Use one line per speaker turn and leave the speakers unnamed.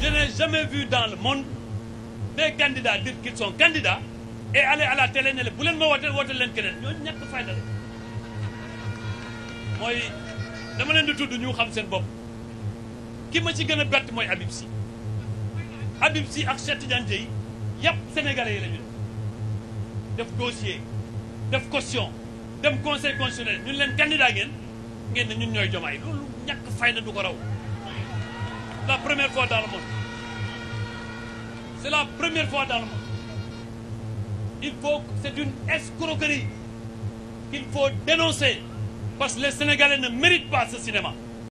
Je n'ai jamais vu dans le monde des candidats dire qu'ils sont candidats et aller à la télé leen bu leen ma wootee woote leen keneen ñooñu ñàkk fayda la mooy dama leen di tudd ñu xam seen bopp ki ma ci gën a bett mooy Habib Sy Habib Sy ak Cheikh Tidiane Dièye yëpp sénégalais yi la ñu def dossier def caution dem conseil constitutionnel ñun leen candidat ngeen ngeen ne ñooy jomaay loolu ñàkk fayda du ko raw la première fois dans le monde. C'est la première fois dans le monde. Il faut, c'est une escroquerie qu'il faut dénoncer parce que
les Sénégalais ne méritent pas ce cinéma.